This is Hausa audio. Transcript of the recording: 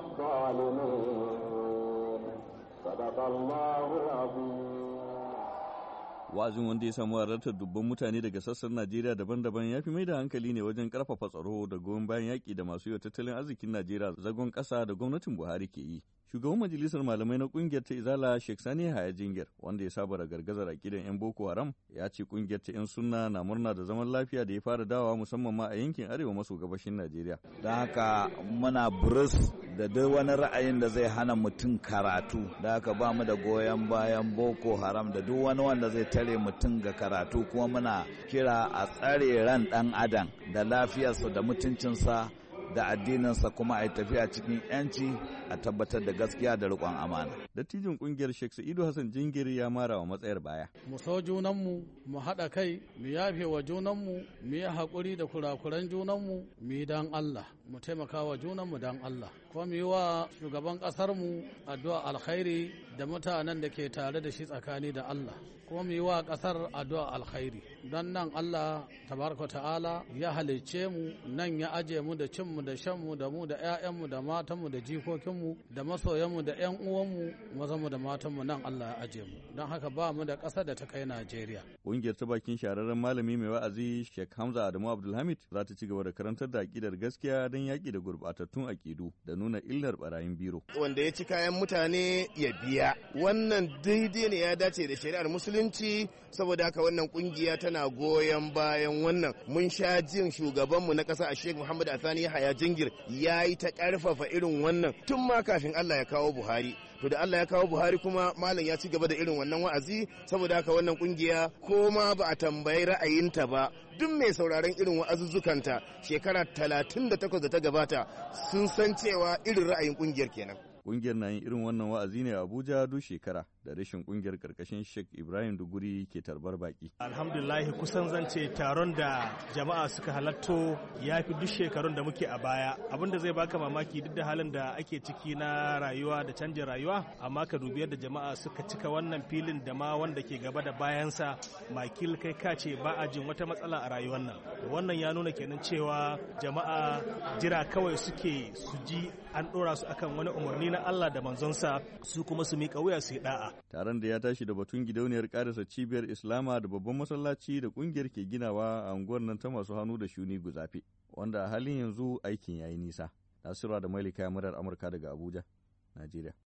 الظالمين wa'azin wanda ya samu halartar dubban mutane daga sassan Najeriya daban-daban ya fi mai da hankali ne wajen karfafa tsaro da goyon bayan yaƙi da masu yi tattalin arzikin Najeriya zagon ƙasa da gwamnatin Buhari ke yi. Shugaban majalisar malamai na kungiyar ta Izala Sheikh Sani Haya Jingir wanda ya saba da gargazar kidan 'yan Boko Haram ya ce kungiyar ta 'yan sunna na murna da zaman lafiya da ya fara dawa musamman ma a yankin arewa maso gabashin Najeriya. Don haka muna burus da duk wani ra'ayin da zai hana mutum karatu da haka ba mu da goyon bayan boko haram da duk wani wanda zai tare mutum ga karatu kuma muna kira a tsare ran dan adam da lafiyarsa da mutuncinsa da addininsa kuma a yi tafiya cikin yanci a tabbatar da gaskiya da riƙon amana. Dattijin ƙungiyar Sheikh Sa'idu Hassan Jingiri ya mara wa matsayar baya. Mu so junanmu, mu haɗa kai, mu yafe wa junanmu, mu yi haƙuri da kurakuran junanmu, mu yi dan Allah. mu taimaka wa mu dan Allah kuma mu yi wa shugaban ƙasarmu addu'a alkhairi da mutanen da ke tare da shi tsakani da Allah ko mu yi wa ƙasar addu'a alkhairi don nan Allah tabaraka ta'ala ya halicce mu nan ya aje mu da cinmu da shanmu da mu da 'ya'yanmu da matanmu da jikokinmu da masoyanmu da 'yan uwanmu mazanmu da matanmu nan Allah ya aje mu don haka ba mu da ƙasar da ta kai Najeriya. Ƙungiyar ta bakin shahararren malami mai wa'azi Sheikh Hamza Adamu Abdulhamid za ta ci gaba da karantar da aƙidar gaskiya ƙoƙarin yaƙi da gurɓatattun aƙidu da nuna illar barayin biro. Wanda ya ci kayan mutane ya biya. Wannan daidai ne ya dace da shari'ar musulunci saboda haka wannan kungiya tana goyon bayan wannan. Mun sha jin shugabanmu na kasa a Sheikh Muhammad Asani Haya Jingir ya yi ta ƙarfafa irin wannan tun ma kafin Allah ya kawo Buhari. to da Allah ya kawo Buhari kuma malam ya ci gaba da irin wannan wa'azi saboda haka wannan kungiya ko ma ba a tambayi ra'ayinta ba duk mai sauraron irin wa'azuzzukanta shekara 38 da ta gabata sun san cewa irin ra'ayin kungiyar kenan. Kungiyar na yin irin wannan wa'azi ne a Abuja duk shekara. da rashin kungiyar karkashin Sheikh Ibrahim Duguri ke tarbar baki. Alhamdulillah kusan zance taron da jama'a suka halatto ya fi duk shekarun da muke a baya. Abinda zai baka mamaki duk da halin da ake ciki na rayuwa da canjin rayuwa amma ka dubi yadda jama'a suka cika wannan filin da ma wanda ke gaba da bayansa makil kai ka ce ba a jin wata matsala a rayuwar nan. Wannan ya nuna kenan cewa jama'a jira kawai suke su ji an ɗora su akan wani umarni na Allah da manzonsa su kuma su miƙa wuya su yi da'a. Taron da ya tashi da batun gidauniyar karasa cibiyar Islama da babban masallaci da kungiyar ke ginawa a unguwar nan ta masu hannu da shuni guzafe, wanda a halin yanzu aikin yayi nisa. Nasira da Malika Murar Amurka daga Abuja, Najeriya.